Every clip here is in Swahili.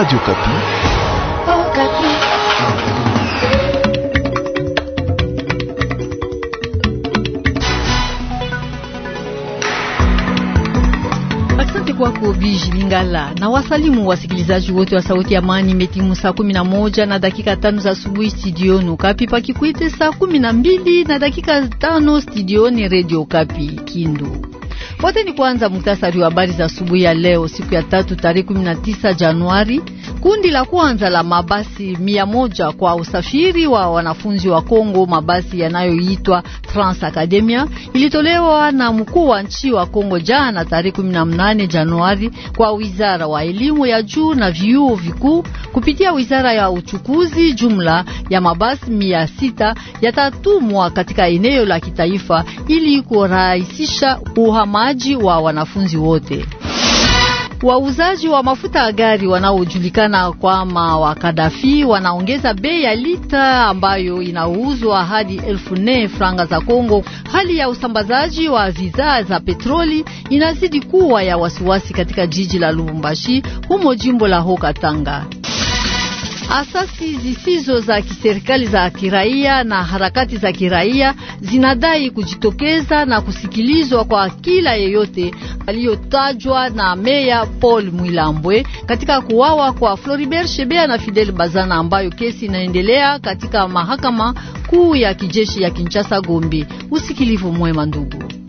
Radio Kapi. Oh, Kapi. Asante kwako Biji Lingala na wasalimu wasikilizaji wote wa Sauti ya Amani. Metimu saa kumi na moja na dakika tano za asubuhi studioni Kapi, pakikwite saa kumi na mbili na dakika tano studioni Radio Kapi Kindu wote. Ni kwanza muktasari wa habari za asubuhi ya leo, siku ya tatu, tarehe 19 Januari Kundi la kwanza la mabasi mia moja kwa usafiri wa wanafunzi wa Kongo, mabasi yanayoitwa Trans Academia, ilitolewa na mkuu wa nchi wa Kongo jana tarehe 18 Januari kwa wizara wa elimu ya juu na vyuo vikuu kupitia wizara ya uchukuzi. Jumla ya mabasi mia sita yatatumwa katika eneo la kitaifa ili kurahisisha uhamaji wa wanafunzi wote. Wauzaji wa mafuta ya gari wanaojulikana kwama wa Kadafi wanaongeza bei ya lita ambayo inauzwa hadi elfu nne franga za Kongo. Hali ya usambazaji wa bidhaa za petroli inazidi kuwa ya wasiwasi katika jiji la Lubumbashi humo jimbo la Haut-Katanga. Asasi zisizo za kiserikali za kiraia na harakati za kiraia zinadai kujitokeza na kusikilizwa kwa kila yeyote aliyotajwa na meya Paul Mwilambwe katika kuwawa kwa Floribert Shebea na Fidel Bazana ambayo kesi inaendelea katika mahakama kuu ya kijeshi ya Kinshasa Gombe. Usikilivu mwema ndugu.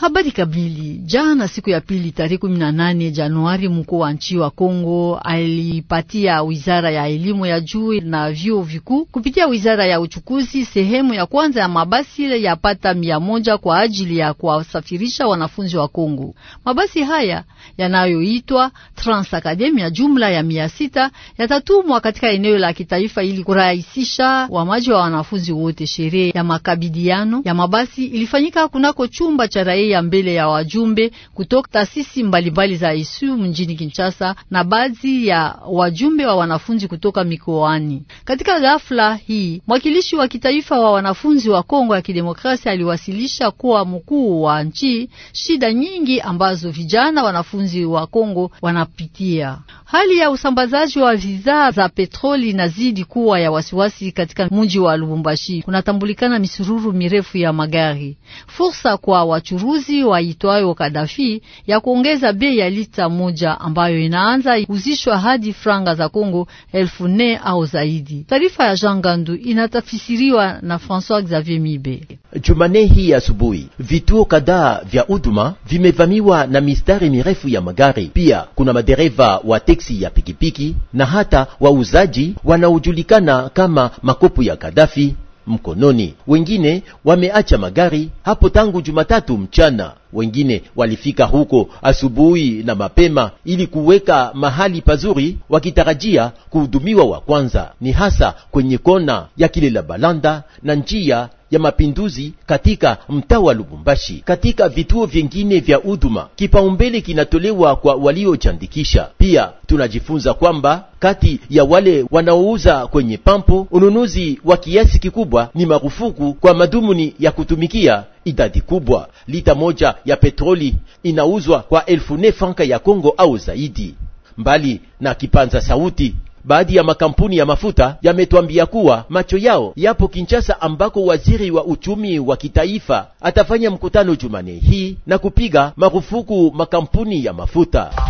Habari kamili. Jana siku ya pili tarehe 18 Januari, mkuu wa nchi wa Kongo alipatia wizara ya elimu ya juu na vyuo vikuu kupitia wizara ya uchukuzi sehemu ya kwanza ya mabasi yapata mia moja kwa ajili ya kuwasafirisha wanafunzi wa Kongo. Mabasi haya yanayoitwa Transacademia, jumla ya mia sita yatatumwa katika eneo la kitaifa ili kurahisisha wamaji wa wanafunzi wote. Sherehe ya makabidiano ya mabasi ilifanyika kunako chumba cha raia ya mbele ya wajumbe kutoka taasisi mbalimbali za ISU mjini Kinshasa na baadhi ya wajumbe wa wanafunzi kutoka mikoani. Katika ghafla hii, mwakilishi wa kitaifa wa wanafunzi wa Kongo ya Kidemokrasia aliwasilisha kuwa mkuu wa nchi shida nyingi ambazo vijana wanafunzi wa Kongo wanapitia. Hali ya usambazaji wa visa za petroli inazidi kuwa ya wasiwasi katika mji wa Lubumbashi. Kunatambulikana misururu mirefu ya magari. Fursa kwa wachuruzi uamuzi wa itwayo Kadafi ya kuongeza bei ya lita moja ambayo inaanza kuzishwa hadi franga za Kongo elfu nne au zaidi. Taarifa ya Jean Gandu inatafsiriwa na François Xavier Mibe. Jumane hii asubuhi, vituo kadhaa vya huduma vimevamiwa na mistari mirefu ya magari. Pia kuna madereva wa teksi ya pikipiki na hata wauzaji wanaojulikana kama makopo ya Kadafi mkononi, wengine wameacha magari hapo tangu Jumatatu mchana. Wengine walifika huko asubuhi na mapema ili kuweka mahali pazuri, wakitarajia kuhudumiwa wa kwanza. Ni hasa kwenye kona ya Kilela Balanda na njia ya mapinduzi katika mtaa wa Lubumbashi. Katika vituo vyengine vya huduma, kipaumbele kinatolewa kwa waliojiandikisha. Pia tunajifunza kwamba kati ya wale wanaouza kwenye pampu, ununuzi wa kiasi kikubwa ni marufuku kwa madhumuni ya kutumikia idadi kubwa. Lita moja ya petroli inauzwa kwa elfu nne franka ya Kongo au zaidi. Mbali na kipanza sauti, baadhi ya makampuni ya mafuta yametwambia kuwa macho yao yapo Kinshasa, ambako waziri wa uchumi wa kitaifa atafanya mkutano Jumane hii na kupiga marufuku makampuni ya mafuta.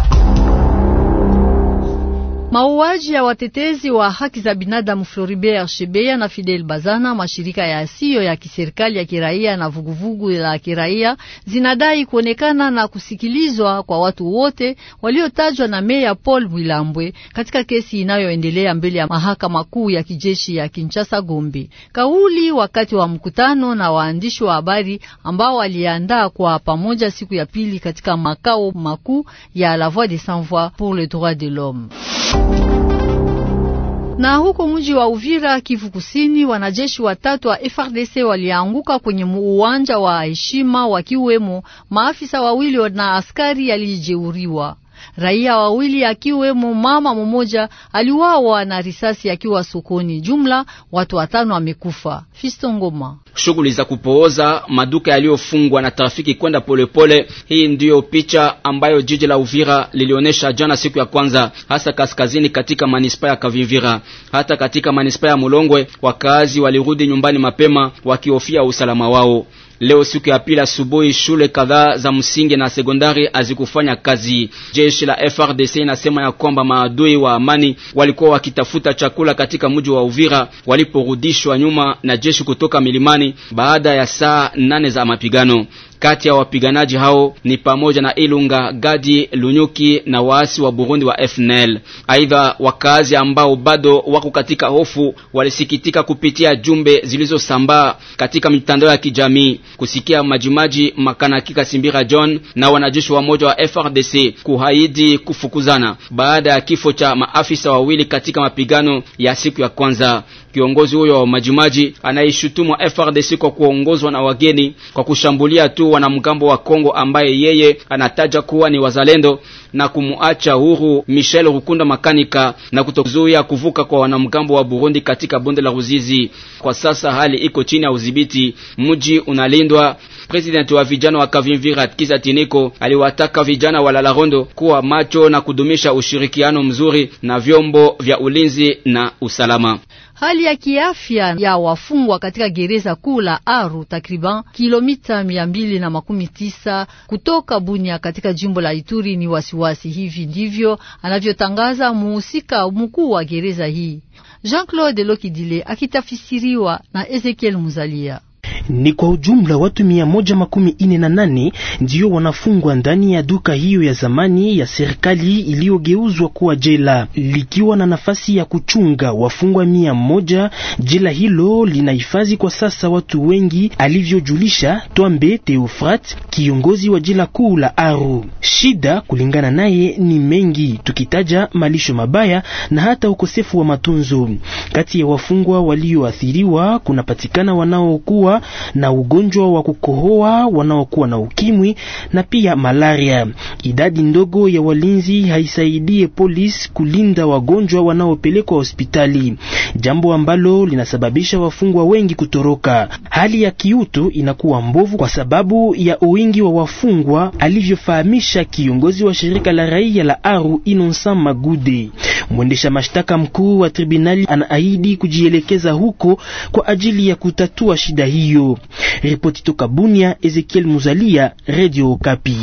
Mauaji ya watetezi wa haki za binadamu Floribert Shebeya na Fidel Bazana, mashirika ya asiyo ya kiserikali ya kiraia na vuguvugu la kiraia zinadai kuonekana na kusikilizwa kwa watu wote waliotajwa na meya Paul mwilambwe katika kesi inayoendelea mbele ya mahakama kuu ya kijeshi ya Kinshasa Gombe. Kauli wakati wa mkutano na waandishi wa habari ambao waliandaa kwa pamoja siku ya pili katika makao makuu ya La Voix des Sans Voix pour le droit de l'homme. Na huko mji wa Uvira, Kivu Kusini, wanajeshi watatu wa FRDC walianguka kwenye uwanja wa heshima wakiwemo maafisa wawili na askari aliyejeruhiwa. Raia wawili akiwemo mama mmoja aliwawa na risasi akiwa sokoni. Jumla watu watano wamekufa. Fisto Ngoma. Shughuli za kupooza maduka yaliyofungwa na trafiki kwenda polepole, hii ndiyo picha ambayo jiji la Uvira lilionyesha jana siku ya kwanza, hasa kaskazini katika manispa ya Kavimvira. Hata katika manispa ya Mulongwe, wakazi walirudi nyumbani mapema wakihofia usalama wao. Leo siku ya pili asubuhi, shule kadhaa za msingi na sekondari hazikufanya kazi. Jeshi la FRDC inasema ya kwamba maadui wa amani walikuwa wakitafuta chakula katika mji wa Uvira waliporudishwa nyuma na jeshi kutoka milimani baada ya saa nane za mapigano. Kati ya wapiganaji hao ni pamoja na Ilunga Gadi Lunyuki na waasi wa Burundi wa FNL. Aidha, wakazi ambao bado wako katika hofu walisikitika kupitia jumbe zilizosambaa katika mitandao ya kijamii kusikia Majimaji Makanaki Kasimbira John na wanajeshi wa moja wa FRDC kuhaidi kufukuzana baada ya kifo cha maafisa wawili katika mapigano ya siku ya kwanza. Kiongozi huyo wa Majimaji anaishutumu FRDC kwa kuongozwa na wageni kwa kushambulia tu wanamgambo wa Kongo ambaye yeye anataja kuwa ni wazalendo na kumuacha huru Michel Rukunda Makanika na kutozuia kuvuka kwa wanamgambo wa Burundi katika bonde la Ruzizi. Kwa sasa hali iko chini ya udhibiti, mji unalindwa Presidenti wa vijana wa Kavimvira Kizatineko aliwataka vijana wa Lalarondo kuwa macho na kudumisha ushirikiano mzuri na vyombo vya ulinzi na usalama. Hali ya kiafya ya wafungwa katika gereza kuu la Aru takriban kilomita mia mbili na makumi tisa kutoka Bunia katika jimbo la Ituri ni wasiwasi. Hivi ndivyo anavyotangaza muhusika mkuu wa gereza hii Jean-Claude Lokidile, akitafisiriwa na Ezekiel Muzalia. Ni kwa ujumla watu mia moja makumi ine na nane ndiyo wanafungwa ndani ya duka hiyo ya zamani ya serikali iliyogeuzwa kuwa jela, likiwa na nafasi ya kuchunga wafungwa mia moja. Jela hilo linahifadhi kwa sasa watu wengi, alivyojulisha Twambe Teofrat, kiongozi wa jela kuu la Aru. Shida kulingana naye ni mengi, tukitaja malisho mabaya na hata ukosefu wa matunzo. Kati ya wafungwa walioathiriwa kunapatikana wanaokuwa na ugonjwa wa kukohoa wanaokuwa na ukimwi na pia malaria. Idadi ndogo ya walinzi haisaidie polisi kulinda wagonjwa wanaopelekwa hospitali, jambo ambalo linasababisha wafungwa wengi kutoroka. Hali ya kiutu inakuwa mbovu kwa sababu ya uwingi wa wafungwa, alivyofahamisha kiongozi wa shirika la raia la Aru Inonsa Magude. Mwendesha mashtaka mkuu wa tribunali anaahidi kujielekeza huko kwa ajili ya kutatua shida hiyo. Ripoti toka Bunia, Ezekiel Muzalia, Radio Okapi.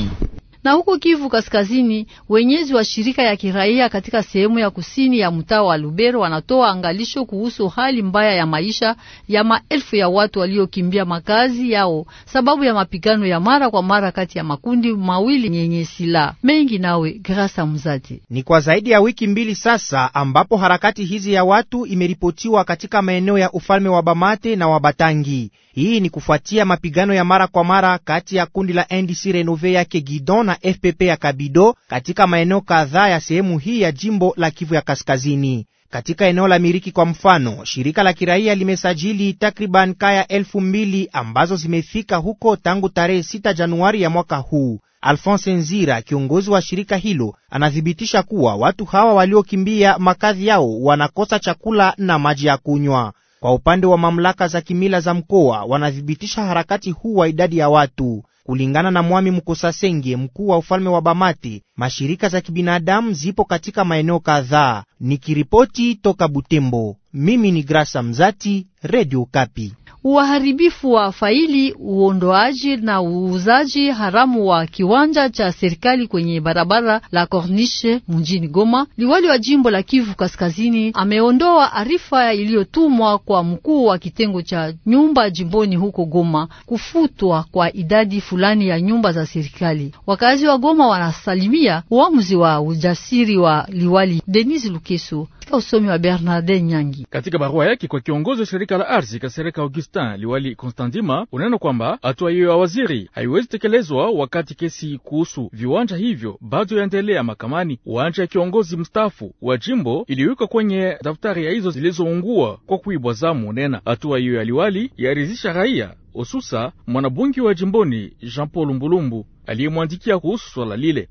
Na huko Kivu Kaskazini, wenyezi wa shirika ya kiraia katika sehemu ya kusini ya mtaa wa Lubero wanatoa angalisho kuhusu hali mbaya ya maisha ya maelfu ya watu waliokimbia makazi yao sababu ya mapigano ya mara kwa mara kati ya makundi mawili yenye silaha mengi. Nawe Grasa Mzati, ni kwa zaidi ya wiki mbili sasa ambapo harakati hizi ya watu imeripotiwa katika maeneo ya ufalme wa Bamate na Wabatangi. Hii ni kufuatia mapigano ya mara kwa mara kati ya kundi la NDC Renove yake Gidon na FPP ya Kabido katika maeneo kadhaa ya sehemu hii ya jimbo la Kivu ya Kaskazini. Katika eneo la Miriki kwa mfano, shirika la kiraia limesajili takriban kaya elfu mbili ambazo zimefika huko tangu tarehe 6 Januari ya mwaka huu. Alphonse Nzira, kiongozi wa shirika hilo, anathibitisha kuwa watu hawa waliokimbia makazi yao wanakosa chakula na maji ya kunywa. Kwa upande wa mamlaka za kimila za mkoa wanathibitisha harakati huu wa idadi ya watu. Kulingana na Mwami Mukosasenge, mkuu wa ufalme wa Bamati, mashirika za kibinadamu zipo katika maeneo kadhaa. Nikiripoti toka Butembo. Mimi ni Grasa Mzati, Radio Kapi. Waharibifu wa faili, uondoaji na uuzaji haramu wa kiwanja cha serikali kwenye barabara la Corniche mjini Goma, liwali wa jimbo la Kivu Kaskazini ameondoa arifa iliyotumwa kwa mkuu wa kitengo cha nyumba jimboni huko Goma kufutwa kwa idadi fulani ya nyumba za serikali. Wakazi wa Goma wanasalimia uamuzi wa ujasiri wa liwali Denis Lukeso katika usomi wa Bernarde Nyangi. Katika barua yake kwa kiongozi wa shirika la ardhi Kasereka Augustin, liwali Constantima unena kwamba hatua hiyo ya waziri haiwezi tekelezwa wakati kesi kuhusu viwanja hivyo bado yaendelea mahakamani. Uwanja ya kiongozi mstaafu wa jimbo iliyowekwa kwenye daftari ya hizo zilizoungua kwa kuibwa zamu. Unena hatua hiyo ya liwali yaridhisha raia, hususa mwanabungi wa jimboni Jean Paul Mbulumbu aliyemwandikia kuhusu swala lile.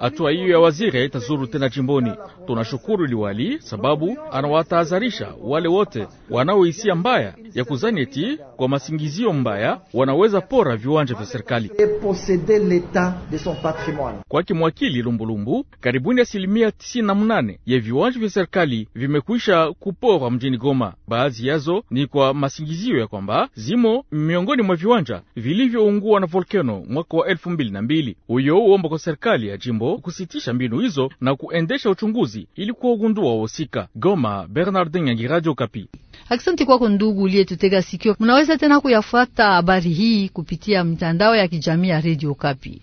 Hatua hiyo ya waziri haitazuru tena jimboni. Tunashukuru liwali sababu anawatahadharisha wale wote wanaohisia mbaya ya kuzani eti kwa masingizio mbaya wanaweza pora viwanja vya serikali. Kwake mwakili Lumbulumbu, karibuni asilimia 98 ya viwanja vya serikali vimekwisha kuporwa mjini Goma. Baadhi yazo ni kwa masingizio ya kwamba zimo miongoni mwa viwanja vilivyoungua na volkano mwaka wa elfu mbili na mbili. Huyo uomba kwa serikali ya jimbo kusitisha mbinu hizo na kuendesha uchunguzi ili kuwagundua wahusika. Goma, Bernardin Nyangi, Radio Kapi. Aksanti kwako ndugu uliyetutega sikio. Mnaweza tena kuyafuata habari hii kupitia mtandao ya kijamii ya Radio Kapi.